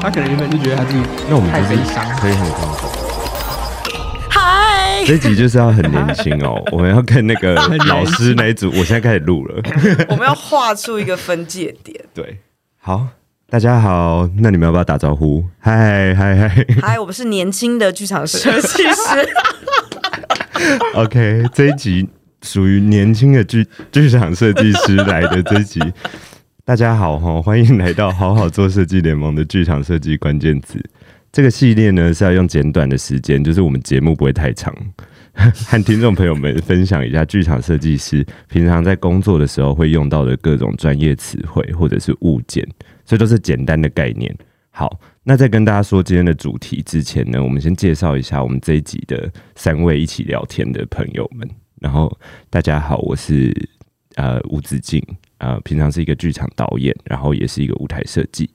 他可能原本就覺得他自己們悲傷，可以很痛苦。嗨，這一集就是要很年輕哦。 我們要跟那個老師那一組，我現在開始錄了。 我們要畫出一個分界點。對，好，大家好，那你們要不要打招呼？嗨嗨嗨！嗨！我們是年輕的劇場設計師。 OK，這一集屬於年輕的劇劇場設計師來的這一集。大家好，歡迎來到好好做設計聯盟的劇場設計關鍵字 這個系列呢是要用簡短、短的時間，就是我們節目不會太長，和聽眾朋友們分享一下劇場設計師平常在工作的時候會用到的各種專業詞彙或者是物件，所以都是簡單的概念。好，那在跟大家說今天的主題之前呢，我們先介紹一下我們這一集的三位一起聊天的朋友們。然後大家好，我是呃吳子靜。啊、呃，平常是一個劇場導演，然後也是一個舞台設計。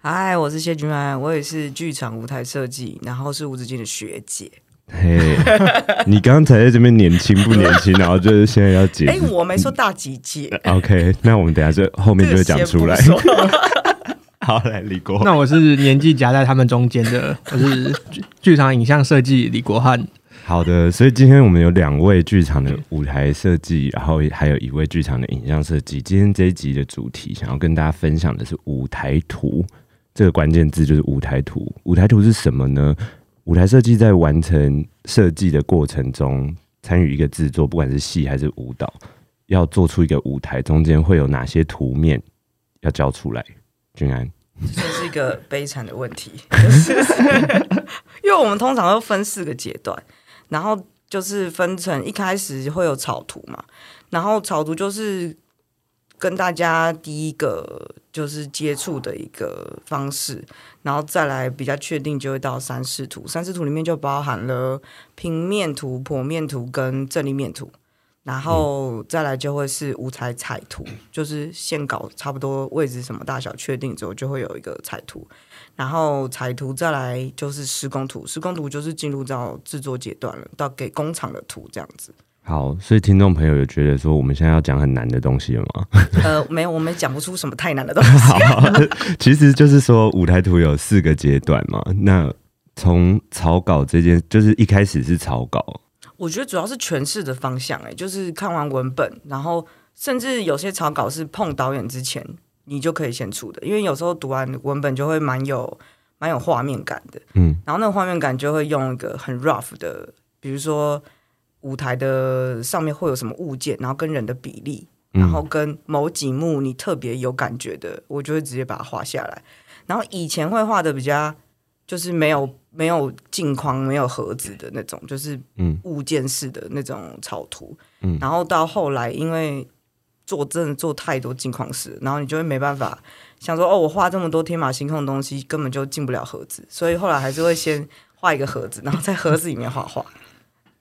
嗨，我是謝君安，我也是劇場舞台設計，然後是吳子敬的學姐。嘿、hey, 你剛才在這邊年輕不年輕？ 然後就是現在要剪。哎、欸，我沒說大幾屆。 OK，那我們等下就後面就會講出來。 好，來，李國。那我是年紀夾在他們中間的， 我是劇場影像設計李國漢。好的，所以今天我們有兩位劇場的舞台設計，然後還有一位劇場的影像設計。今天這一集的主題，想要跟大家分享的是舞台圖這個關鍵字，就是舞台圖。舞台圖是什麼呢？舞台設計在完成設計的過程中，參與一個制作，不管是戲還是舞蹈，要做出一個舞台，中間會有哪些圖面要交出來？俊安，這是一個悲慘的問題， 因為我們通常要分四個階段。然後就是分成，一開始會有草圖嘛，然後草圖就是跟大家第一個就是接觸的一個方式，然後再來比較確定就會到三視圖，三視圖裡面就包含了平面圖、剖面圖跟正立面圖。然後再來就會是舞台彩、彩圖，就是線稿差不多位置什麼大小確定之後，就會有一個彩圖。然後彩圖再來就是施工圖，施工圖就是進入到制作階段了，到給工廠的圖這樣子。好，所以聽眾朋友有覺得說我們現在要講很難的東西了嗎？ 呃，沒有，我們講不出什麼太難的東西。 好，其實就是說舞台圖有四個階段嘛。那從草稿這件，就是一開始是草稿。我覺得主要是詮釋的方向，欸，哎，就是看完文本，然後甚至有些草稿是碰導演之前，你就可以先出的，因為有時候讀完文本就會蠻有蠻有畫面感的，嗯，然後那個畫面感就會用一個很 rough 的，比如說舞臺的上面會有什麼物件，然後跟人的比例，然後跟某幾幕你特別有感覺的，我就會直接把它畫下來，然後以前會畫的比較。就是沒有沒有鏡框、沒有盒子的那種，就是物件式的那種草圖。嗯嗯、然後到後來，因為做真的做太多鏡框式，然後你就會沒辦法想說哦，我畫這麼多天馬行空的東西，根本就進不了盒子，所以後來還是會先畫一個盒子， 然後在盒子裡面畫畫。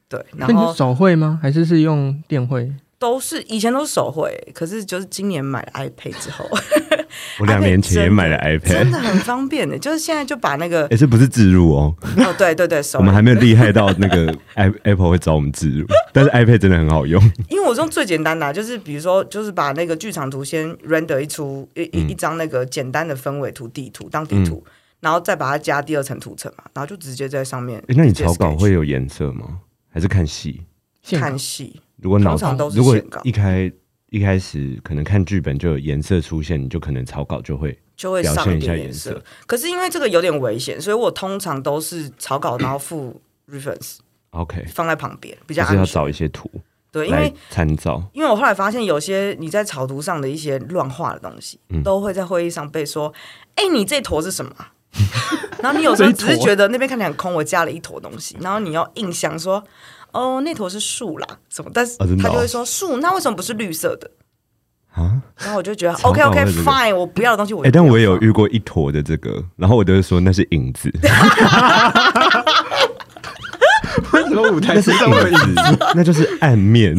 對，然後是你手繪嗎？還是是用電繪？都是以前都是手繪，可是就是今年買了 iPad 之後。 我兩年前也買了 iPad，, iPad 真,的真的很方便的、欸。 就是現在就把那個，這、欸、是不是置入哦。有、哦、對對對，我們還沒有厲害到那個 Apple Apple 會找我們置入， 但是 iPad 真的很好用。因為我用最簡單的、啊，就是比如說，就是把那個劇場圖先 render 一出、嗯、一一張那個簡單的氛圍圖地圖當底圖、嗯，然後再把它加第二層圖層嘛，然後就直接在上面、欸。那你草稿會有顏色嗎？還是看戲？看戲。如果通常都是如果一開。一開始可能看劇本就有顏色出現，你就可能草稿就會就會上一下顏色。可是因為這個有點危險，所以我通常都是草稿然後附 reference，OK、 okay. 放在旁邊比較安全。還是要找一些圖對，因為參照。因為我後來發現，有些你在草圖上的一些亂畫的東西、嗯，都會在會議上被說：“哎、欸，你這坨是什麼、啊？” 然後你有時候只是覺得那邊看起來很空，我加了一坨東西，然後你要硬想說。哦，那坨是樹啦，什麼？但是他就會說樹、哦，那為什麼不是綠色的啊？然後我就覺得 OK OK fine，、欸、我不要的東西我。哎、欸，但我也有遇過一坨的這個，然後我都會說那是影子。 為什麼舞台上是這麼影子？那就是， 那就是暗面。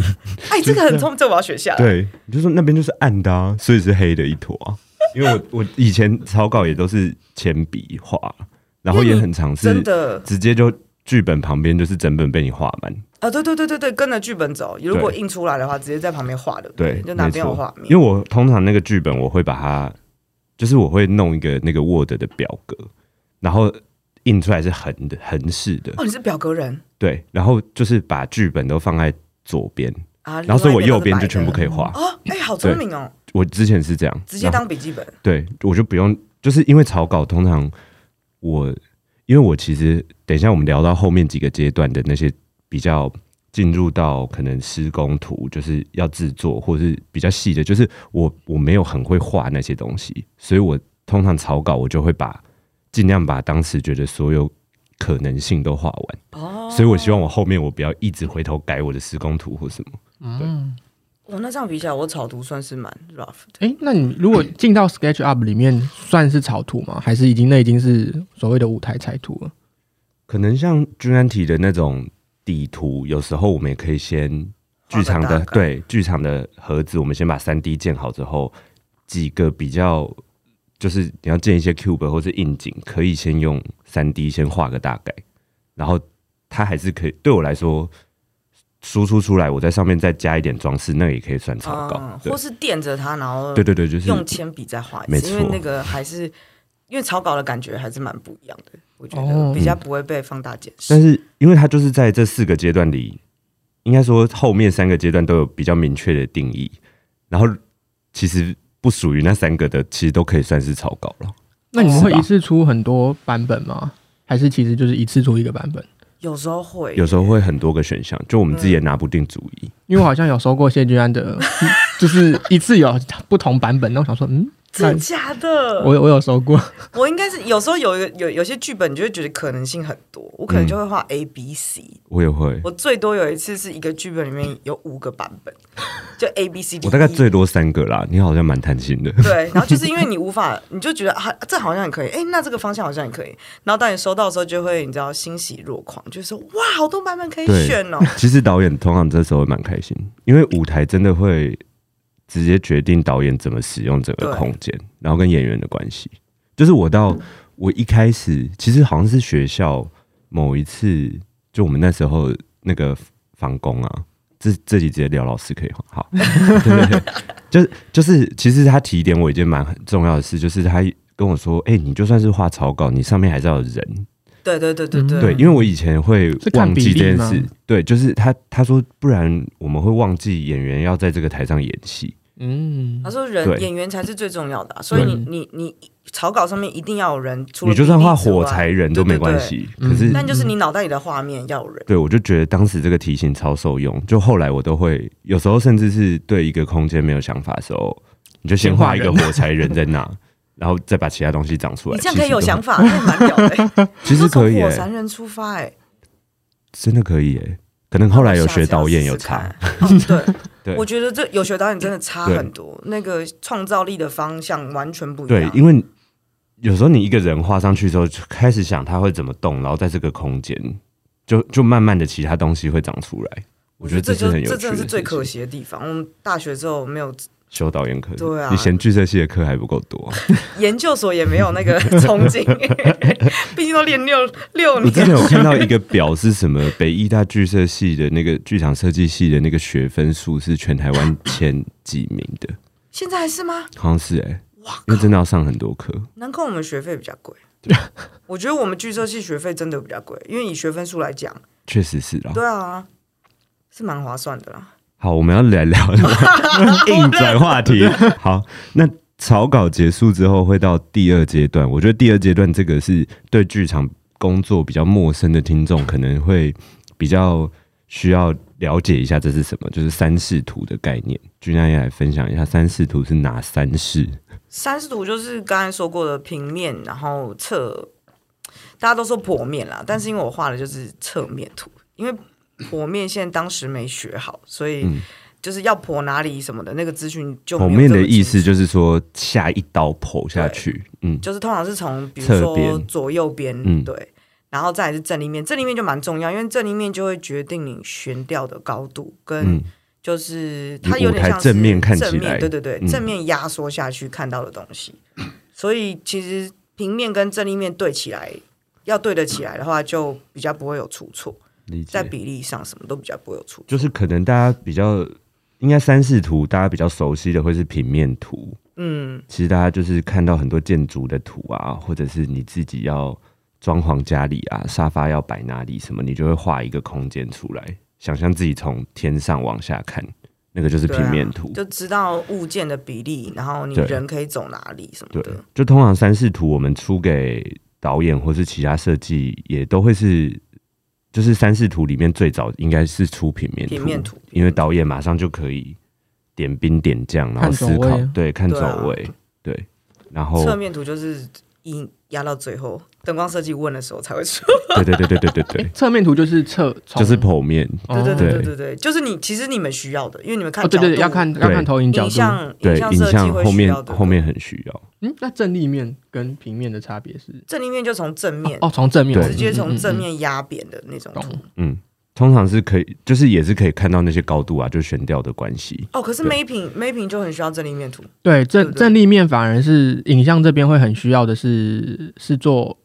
哎、欸就是欸，這個很聰明、就是，這我，我要學下。對，你就說、是、那邊就是暗的、啊，所以是黑的一坨。 因為我我以前草稿也都是鉛筆畫，然後也很嘗試、嗯，真的直接就。劇本旁邊就是整本被你畫滿啊！對、哦、對對對對，跟着劇本走。如果印出來的話，直接在旁邊畫的。對，就哪邊畫。因為我通常那個劇本，我會把它，就是我會弄一個那個 Word 的表格，然後印出來是橫的橫式的。哦，你是表格人。對，然後就是把劇本都放在左邊、啊，然後所以我右邊就全部可以畫啊！哎、哦欸，好聰明哦！我之前是這樣，直接當筆記本。對，我就不用，就是因為草稿通常我。因為我其實等一下我們聊到後面幾個階段的那些比較進入到可能施工圖，就是要制作或是比較細的，就是我我沒有很會畫那些東西，所以我通常草稿我就會把盡量把當時覺得所有可能性都畫完哦，所以我希望我後面我不要一直回頭改我的施工圖或什麼。嗯，哦、那這樣比起來，我草圖算是蠻 rough 的。哎、欸，那你如果進到 SketchUp 裡面？ 算是草圖嗎？還是已經，那已經是所謂的舞台彩圖了？可能像軍安體的那種底圖，有時候我們也可以先劇場的對劇場的盒子，我們先把三 D 建好之後，幾個比較就是你要建一些 cube 或者硬景，可以先用三 D 先畫個大概，然後它還是可以。對我來說。輸出出來，我在上面再加一點裝飾，那個、也可以算草稿，或是墊着它，然後對對對，就是用鉛筆再畫一次，因為那個還是因為草稿的感覺還是蠻不一樣的，我覺得比較不會被放大解釋，嗯。但是因為它就是在這四個階段裡，應該說後面三個階段都有比較明確的定義，然後其實不屬於那三個的，其實都可以算是草稿了。那你們會一次出很多版本嗎？還是其實就是一次出一個版本？有時候會，有時候會很多個選項，就我們自己也拿不定主意。因為我好像有收過謝君安的， 是就是一次有不同版本，那我想說，嗯。真的？假的？嗯、我我有收過。我應該是有時候有一個有有些劇本，你就會覺得可能性很多，嗯、我可能就會畫 A、B、C。我也會。我最多有一次是一個劇本裡面有五個版本，就 A、B、C、我大概最多三個啦。 你好像蠻貪心的。對，然後就是因為你無法，你就覺得啊，啊，這好像也可以，哎、欸，那這個方向好像也可以。然後當你收到的時候，就會你知道欣喜若狂，就說哇，好多版本可以選哦。其實導演通常這時候會蠻開心，因為舞台真的會。直接決定導演怎麼使用整個空間，然後跟演員的關係，就是我到我一開始、嗯、其實好像是學校某一次，就我們那時候那個房工啊，自自己直接聊老師可以嗎？好， 啊、對，對對，就是就是，其實他提點我一件蠻很重要的事，就是他跟我說，哎、欸，你就算是畫草稿，你上面還是要人，對對對對對，對，因為我以前會忘記這件事，比比對，就是他他說不然我們會忘記演員要在這個台上演戲。嗯，他說人演員才是最重要的，啊，所以你，嗯、你你，你草稿上面一定要有人，你就算畫火柴人都沒關係，可是，嗯、但就是你腦袋裡的畫面要有人，嗯。對，我就覺得當時這個提醒超受用，就後來我都會有時候甚至是對一個空間沒有想法的時候，你就先畫一個火柴人在那， 然後再把其他東西長出來。你這樣可以有想法，也蠻屌的。其實， 其實可以，火柴人出發，哎，真的可以哎，欸。可能後來有學導演有差，對、哦，對， 我覺得這有學導演真的差很多，那個創造力的方向完全不一樣。對，因為有時候你一個人畫上去之後，就開始想他會怎麼動，然後在這個空間就就慢慢的其他東西會長出來。我覺得這就這真的是最可惜的地方。我們大學之後沒有修導演課，對啊，你嫌劇設系的課還不夠多，啊，研究所也沒有那個憧憬，畢竟都練六六。六年。你之前有看到一個表，是什麼 北藝大劇設系的那個劇場設計系的那個學分數是全台灣前幾名的，現在還是嗎？好像是哎，欸，哇，那真的要上很多課。難怪我們學費比較貴，我覺得我們劇設系學費真的比較貴，因為以學分數來講，確實是啦，對啊，是蠻划算的啦。好，我們要來聊,聊 硬轉話題。 好，那草稿結束之後，會到第二階段。我覺得第二階段這個是對劇場工作比較陌生的聽眾，可能會比較需要了解一下這是什麼，就是三視圖的概念。君安也來分享一下，三視圖是哪三視？三視圖就是剛才說過的平面，然後側，大家都說剖面啦、嗯，但是因為我畫的就是側面圖，因為。剖面線當時沒學好，所以就是要剖哪裡什麼的，嗯，那個資訊就沒有，剖面的意思就是說下一刀剖下去，嗯，就是通常是從比如說左右邊，對，然後再是正立面，正立面就蠻重要，因為正立面就會決定你懸吊的高度跟就是它有點像正面，正面看正面對對對，正面壓縮下去看到的東西，嗯，所以其實平面跟正立面對起來要對得起來的話，就比較不會有出錯。在比例上什麼都比較不會有錯，就是可能大家比較應該三視圖，大家比較熟悉的會是平面圖。嗯，其實大家就是看到很多建築的圖啊，或者是你自己要裝潢家裡啊，沙發要擺哪裡什麼，你就會畫一個空間出來，想象自己從天上往下看，那個就是平面圖。對啊，就知道物件的比例，然後你人可以走哪裡什麼的。就通常三視圖，我們出給導演或是其他設計，也都會是。就是三視圖裡面最早應該是出平面，平面圖，因為導演馬上就可以點兵點將，然後思考，對看走位，對，對啊、對然後側面圖就是硬壓到最後。燈光設計問的時候才會出，對對對對對對對，對、欸，側面圖就是側就是剖面，對對對對對對，對就是你其實你們需要的，因為你們看角度對對，對，對要看要看投影角度，對，影像影像設像，後面後面很需要。嗯，那正立面跟平面的差別是正立面就從正面哦，從、哦、正面直接從正面壓扁的那種嗯，嗯，嗯，嗯，嗯，通常是可以就是也是可以看到那些高度啊，就懸吊的關係。哦，可是沒 a 沒 p 就很需要正立面圖，對正對對正立面反而是影像這邊會很需要的是是做。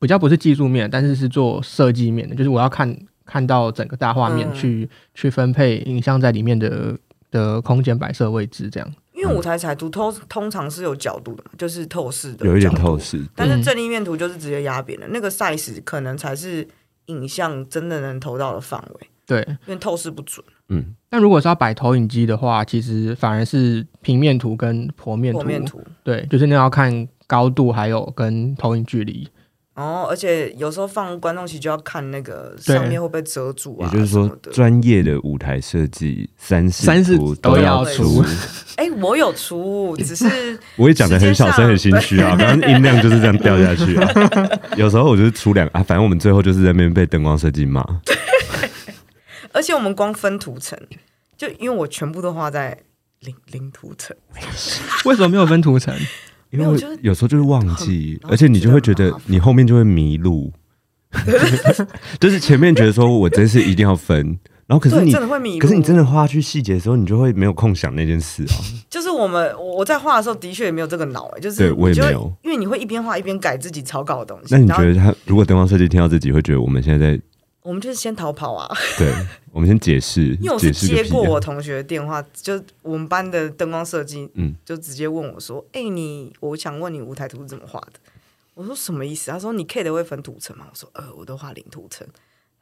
比較不是技術面，但是是做設計面的，就是我要看看到整個大畫面去、嗯、去分配影像在裡面的的空間擺設位置這樣。因為舞台彩圖通、嗯、通常是有角度的，就是透視的，有一點透視。但是正立面圖就是直接壓扁的、嗯，那個 size 可能才是影像真的能投到的範圍。對，因為透視不準。嗯，但如果是要擺投影機的話，其實反而是平面圖跟剖面圖，剖面圖，對，就是那要看高度還有跟投影距離。哦，而且有時候放觀眾席就要看那個上面會不會遮住啊。也就是說，專業的舞台設計，三視圖、三視圖都，都要出。哎 欸，我有出，只是我也講的很小聲，很心虛啊。 反正音量就是這樣掉下去啊。 有時候我就是出兩、啊，反正我們最後就是在那邊被燈光設計罵。而且我們光分圖層，就因為我全部都畫在零零圖層，為什麼沒有分圖層？ 因為我有時候就是忘記，就是、而且你就會覺得你後面就會迷路， 就是前面覺得說我真是一定要分， 然後可是你真的會迷路，可是你真的畫去細節的時候，你就會沒有空想那件事啊、哦。就是我們我我在畫的時候，的確也沒有這個腦、欸、就是對我也沒有，因為你會一邊畫一邊改自己草稿的東西。那你覺得他如果燈光設計聽到自己會覺得我們現在在。我們就是先逃跑啊！對，我們先解釋， 因為我是接過我同學的電話，就我們班的燈光設計，嗯，就直接問我說：“哎、欸，你我想問你舞台圖是怎麼畫的？”我說：“什麼意思？”他說：“你 K 的會分圖層嗎？”我說：“呃，我都畫零圖層。”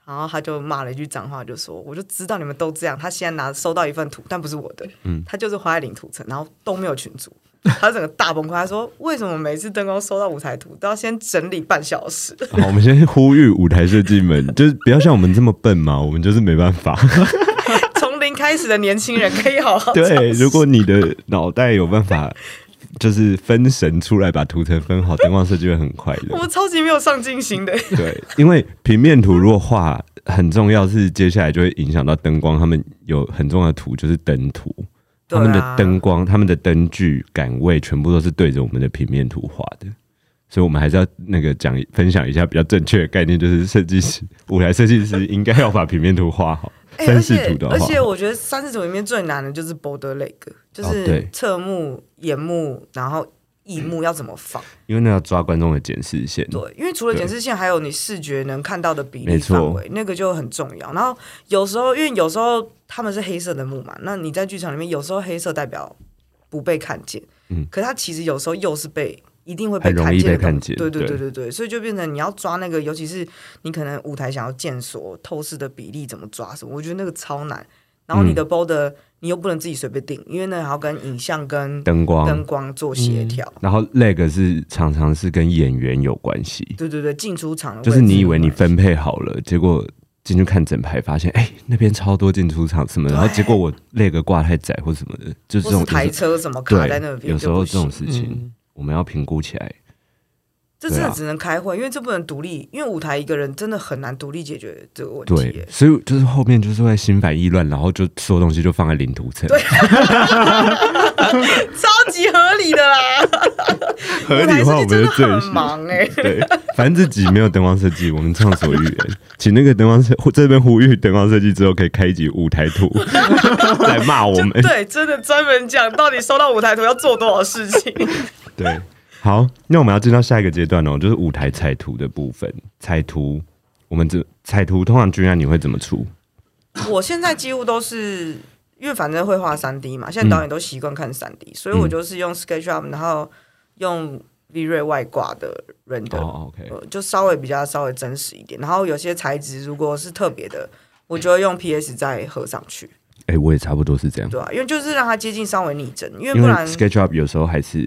然後他就罵了一句髒話，就說：“我就知道你們都這樣。”他現在拿收到一份圖，但不是我的，嗯、他就是花海領圖層，然後都沒有群組，他整個大崩潰。他說：“為什麼每次燈光收到舞台圖都要先整理半小時？”好、啊，我們先呼籲舞台設計們， 就是不要像我們這麼笨嘛，我們就是沒辦法。 從零開始的年輕人可以好好對，如果你的腦袋有辦法。 就是分神出來把圖層分好，燈光設計會很快的。我超級沒有上進心的。對，因為平面圖如果畫很重要，是接下來就會影響到燈光。他們有很重要的圖，就是燈圖，他們的燈光、他們的燈具、桿位，全部都是對着我們的平面圖畫的。所以我們還是要那個講分享一下比較正確的概念，就是設計師、舞台設計師應該要把平面圖畫好。而、欸、且而且，而且我覺得三視圖裡面最難的就是 border leg，、哦、就是側幕、沿幕，然後影幕要怎麼放？因為那要抓觀眾的檢視線。對，因為除了檢視線，還有你視覺能看到的比例範圍，那個就很重要。然後有時候，因為有時候他們是黑色的幕嘛，那你在劇場裡面，有時候黑色代表不被看見，嗯，可是它其實有時候又是被。一定會被，的很容易被看見，對對對對對，對，對，所以就變成你要抓那個，尤其是你可能舞台想要建所透視的比例怎麼抓什麼，我覺得那個超難。然後你的包的、嗯、你又不能自己隨便定，因為那還要跟影像跟燈光燈光，光做協調、嗯。然後 leg 是常常是跟演員有關係，對對對，進出場的就是你以為你分配好了，結果進去看整排發現，哎、欸，那邊超多進出場什麼的，然後結果我 leg 掛太窄或什麼的，就是這種台車什麼卡在那邊，有時候這種事情。嗯我們要評估起來。這真的只能開會，啊，因為這不能獨立，因為舞台一個人真的很難獨立解決這個問題。所以就是後面就是會心煩意亂，然後就所有東西就放在領圖層。啊、 超級合理的啦。合理的話，我們就最忙哎、 欸。對，反正自己沒有燈光設計，我們暢所欲言。請那個燈光設這邊呼籲燈光設計之後，可以開一集舞台圖 來罵我們。對，真的專門講到底收到舞台圖要做多少事情。對。對好，那我們要進到下一個階段哦，就是舞台彩圖的部分。彩圖，我們這彩圖通常，君安你會怎麼出？我現在幾乎都是因為反正會畫三 D 嘛，現在導演都習慣看三 D，、嗯、所以我就是用 SketchUp，然後用 V-Ray 外掛的 Render，、哦 okay 呃、就稍微比較稍微真實一點。然後有些材質如果是特別的，我就會用 PS 再合上去。哎、欸，我也差不多是這樣，對、啊，因為就是讓它接近稍微擬真，因為不然 SketchUp 有時候還是。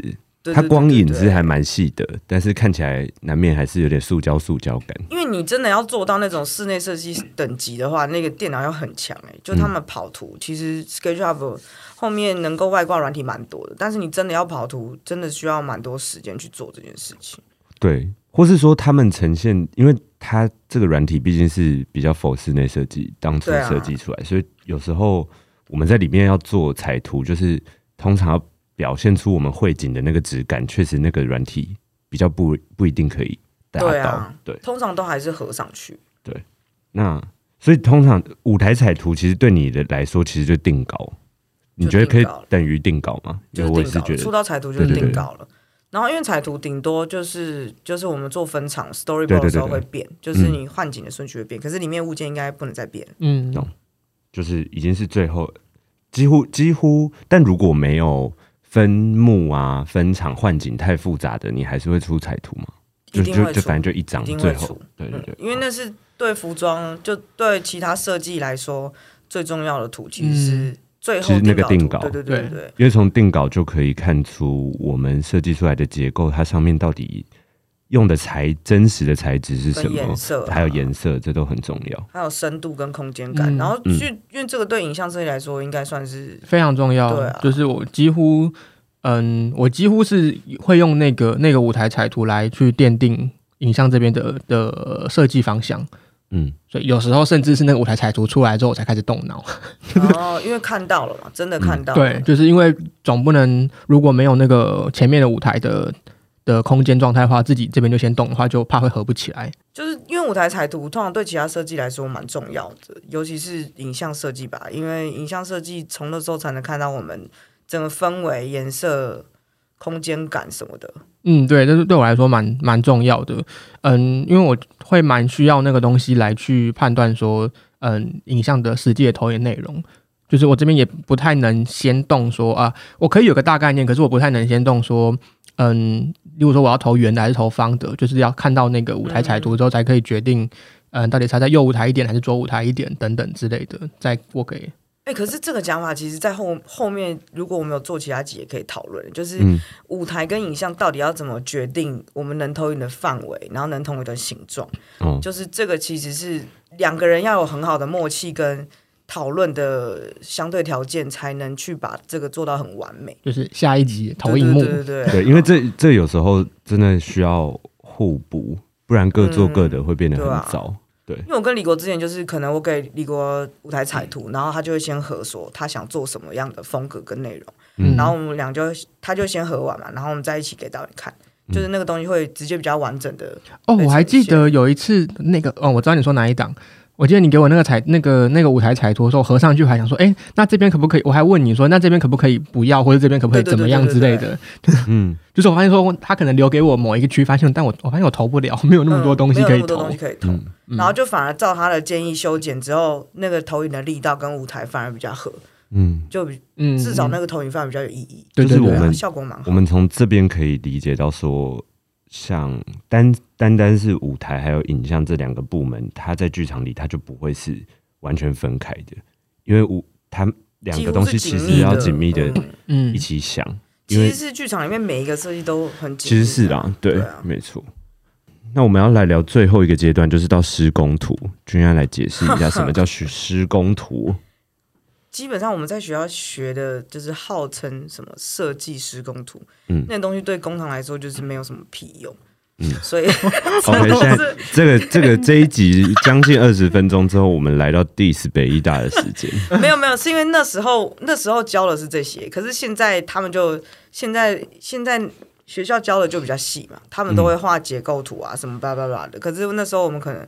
它光影是還蠻細的，對對對對對。但是看起來難免還是有點塑膠塑膠感。因為你真的要做到那種室內設計等級的話，那個電腦要很強哎、欸。就他們跑圖，嗯、其實 SketchUp 後面能夠外掛軟體蠻多的，但是你真的要跑圖，真的需要蠻多時間去做這件事情。對，或是說他們呈現，因為它這個軟體畢竟是比較 for 室內設計當初設計出來、啊，所以有時候我們在裡面要做彩圖，就是通常要。表現出我們繪景的那個質感，確實那個軟體比較不不一定可以達到對啊。對，通常都還是合上去。對，那所以通常舞台彩圖其實對你的來說，其實就定稿，就定稿。你覺得可以等於定稿嗎？就是我也是覺得出到彩圖就是定稿了。對對對對，然後因為彩圖頂多就是就是我們做分場 storyboard 的時候會變，對對對對，就是你換景的順序會變、嗯，可是裡面物件應該不能再變。嗯，no, 就是已經是最後，幾乎幾乎，但如果沒有。分幕啊，分場換景太複雜的，你還是會出彩圖嗎？就就就反正就一張最後，嗯，對對對，因為那是對服裝就對其他設計來說，嗯、最重要的圖，其實是最後定稿圖，其實最後那個定稿，對對對對，對,對，因為從定稿就可以看出我們設計出來的結構，它上面到底。用的材，真實的材質是什麼？顏色還有顏色、啊，這都很重要。還有深度跟空間感、嗯。然後、嗯，因為這個對影像設計來說，應該算是非常重要。對、啊，就是我幾乎，嗯，我幾乎是會用那個那個舞台彩圖來去奠定影像這邊的的設計方向。嗯，所以有時候甚至是那個舞台彩圖出來之後，我才開始動腦。嗯、 哦，因為看到了嘛，真的看到了、嗯。對，就是因為總不能，如果沒有那個前面的舞台的。的空間狀態的話，自己這邊就先動的話，就怕會合不起來。就是因為舞台彩圖通常對其他設計來說蠻重要的，尤其是影像設計吧，因為影像設計從那時候才能看到我們整個氛圍、顏色、空間感什麼的。嗯，對，但是對我來說蠻蠻重要的。嗯，因為我會蠻需要那個東西來去判斷說，嗯，影像的實際的投影內容，就是我這邊也不太能先動說啊，我可以有個大概念，可是我不太能先動說。嗯，如果說我要投圓的還是投方的，就是要看到那個舞台彩圖之後，才可以決定，嗯，嗯，到底差在右舞台一點還是左舞台一點等等之類的，再我給。哎、欸，可是這個講法其實，在後後面，如果我們有做其他集，也可以討論，就是舞台跟影像到底要怎麼決定，我們能投影的範圍，然後能投影的形狀，嗯，就是這個其實是兩個人要有很好的默契跟。討論的相對條件，才能去把這個做到很完美。就是下一集投影幕，對對對，對，對， 對，因為這這有時候真的需要互補，不然各做各的會變得很糟。嗯對，啊、對，因為我跟李國之前就是，可能我給李國舞台彩圖，然後他就會先合說他想做什麼樣的風格跟內容，嗯、然後我們倆就他就先合完嘛，然後我們再一起給導演看，就是那個東西會直接比較完整的。哦，我還記得有一次那個，哦，我知道你說哪一檔。我記得你給我那個綵、那個、那個舞台彩圖的時候，我合上去還想說：“哎、欸，那這邊可不可以？”我還問你說：“那這邊可不可以不要，或者這邊可不可以怎麼樣之類的？”嗯， 就是我發現說他可能留給我某一個區域發現，但我我發現我投不了，沒有那麼多東西可以投。嗯以投嗯、然後就反而照他的建議修剪之後、嗯，那個投影的力道跟舞台反而比較合。嗯，就至少那個投影範圍比較有意義。對、就、對、是、我們對、啊、效果蠻好。我們從這邊可以理解到說。像單單單是舞台還有影像這兩個部門，它在劇場裡它就不會是完全分開的，因為舞，它兩個東西其實要緊密的，密的嗯，嗯，一起想。因為其實是劇場裡面每一個設計都很緊密的，其實是啊，對，對啊、沒錯。那我們要來聊最後一個階段，就是到施工圖。君安來解釋一下什麼叫許施工圖？ 基本上我們在學校學的就是號稱什麼設計施工圖、嗯，那東西對工廠來說就是沒有什麼屁用，嗯，所以 okay, 這個這個這一集將 近二十分鐘之後，我們來到第北一大的時間， 沒有沒有，是因為那時候那時候教的是這些，可是現在他們就現在現在學校教的就比較細嘛，他們都會畫結構圖啊、嗯、什麼叭叭叭的，可是那時候我們可能。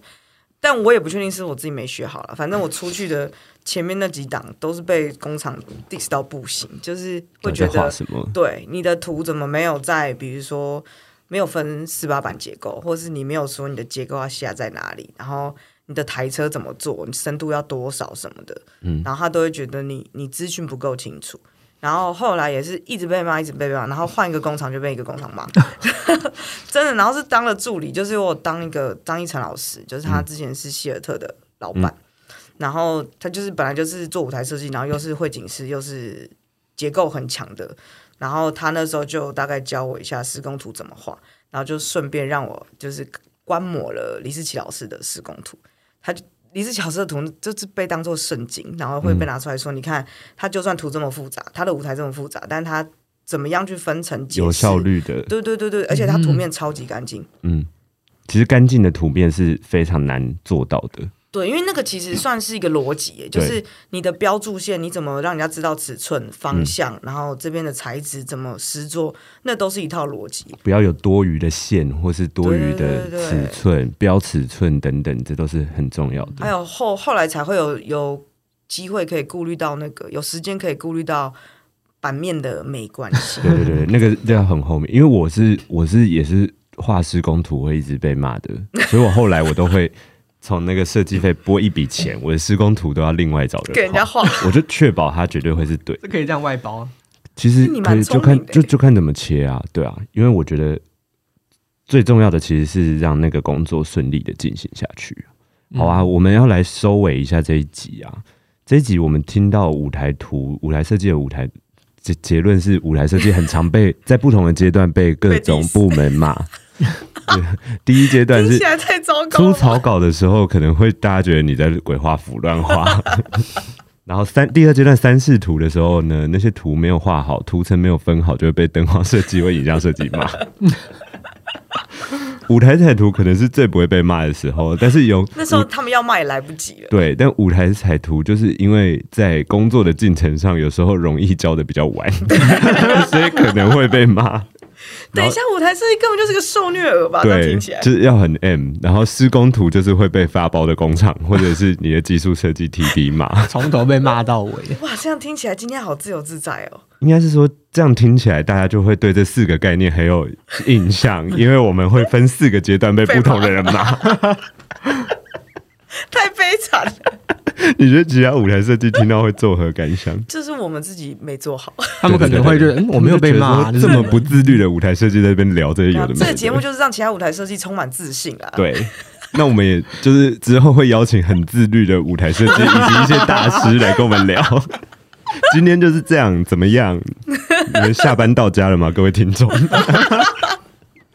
但我也不確定是我自己沒學好了，反正我出去的前面那幾檔都是被工廠 diss 到不行，就是會覺得什麼，對你的圖怎麼沒有在，比如說沒有分四八板結構，或是你沒有說你的結構要下在哪裡，然後你的台車怎麼做，你深度要多少什麼的，嗯，然後他都會覺得你你資訊不夠清楚。然後後來也是一直被罵，一直被，被罵，然後換一個工廠就被一個工廠罵， 真的。然後是當了助理，就是我當一個張一晨老師，就是他之前是希爾特的老闆，嗯，然後他就是本來就是做舞台設計，然後又是繪景師，又是結構很強的，然後他那時候就大概教我一下施工圖怎麼畫，然後就順便讓我就是觀摩了李思琪老師的施工圖，他就。李子巧色圖就是被當做聖經，然後會被拿出來說，嗯，你看，它就算圖這麼複雜，它的舞台這麼複雜，但它怎麼樣去分層有效率的？對對對對，而且它圖面超級乾淨。嗯，嗯，其實乾淨的圖面是非常難做到的。對，因為那個其實算是一個邏輯，就是你的標注線，你怎麼讓人家知道尺寸、方向，嗯、然後這邊的材質怎麼施作？那都是一套邏輯。不要有多餘的線，或是多餘的尺寸對對對對，標尺寸等等，這都是很重要的。還有後後來才會有有機會可以顧慮到那個，有時間可以顧慮到版面的美觀性。 對，對對對，那個要很後面，因為我是我是也是畫施工圖會一直被罵的，所以我後來我都會。 從那個設計費撥一筆錢，我的施工圖都要另外找人給人家畫，我就確保他絕對會是對。這 可以這樣外包，其實可以就看就就看怎麼切啊，對啊，因為我覺得最重要的其實是讓那個工作順利的進行下去。好啊，我們要來收尾一下這一集啊，嗯、這一集我們聽到舞台圖、舞台設計的舞台，這結論是舞台設計很常被 在不同的階段被各種部門罵。 對，第一階段是出草稿的時候，可能會大家覺得你在鬼畫符亂畫。 然後三第二階段三視圖的時候呢，那些圖沒有畫好，圖層沒有分好，就會被燈光設計或影像設計罵。 舞台彩圖可能是最不會被罵的時候，但是有那時候他們要罵也來不及了。對，但舞台彩圖就是因為在工作的進程上，有時候容易交得比較晚， 所以可能會被罵。等一下，舞台設計根本就是個受虐兒吧？對，就是要很 M，然後施工圖就是會被發包的工廠或者是你的技術設計 T D 嘛，從 頭被罵到尾。哇，這樣聽起來今天好自由自在哦。應該是說這樣聽起來大家就會對這四個概念很有印象， 因為我們會分四個階段被不同的人罵。 太悲慘了。你覺得其他舞台設計聽到會作何感想？就是我們自己沒做好，他們可能會覺得、嗯、我沒有被罵，這麼不自律的舞台設計在這邊聊這些有的沒的。這個節目就是讓其他舞台設計充滿自信啊！對，那我們也就是之後會邀請很自律的舞台設計以及一些大師來跟我們聊。 今天就是這樣，怎麼樣？你們下班到家了嗎，各位聽眾？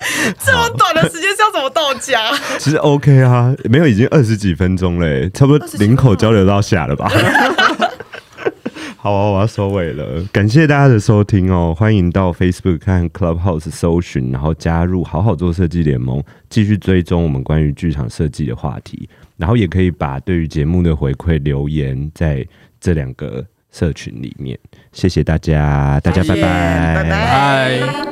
這麼短的時間，是要怎麼到家呵呵？其實 OK 啊，沒有，已經二十幾分鐘了，欸，差不多林口交流道下了吧。 好，啊，我要收尾了，感謝大家的收聽哦，歡迎到 Facebook 看 Clubhouse 搜尋，然後加入好好做設計聯盟，繼續追蹤我們關於劇場設計的話題，然後也可以把對於節目的回饋留言在這兩個社群裡面。謝謝大家，大家拜拜，拜、yeah, 拜。Hi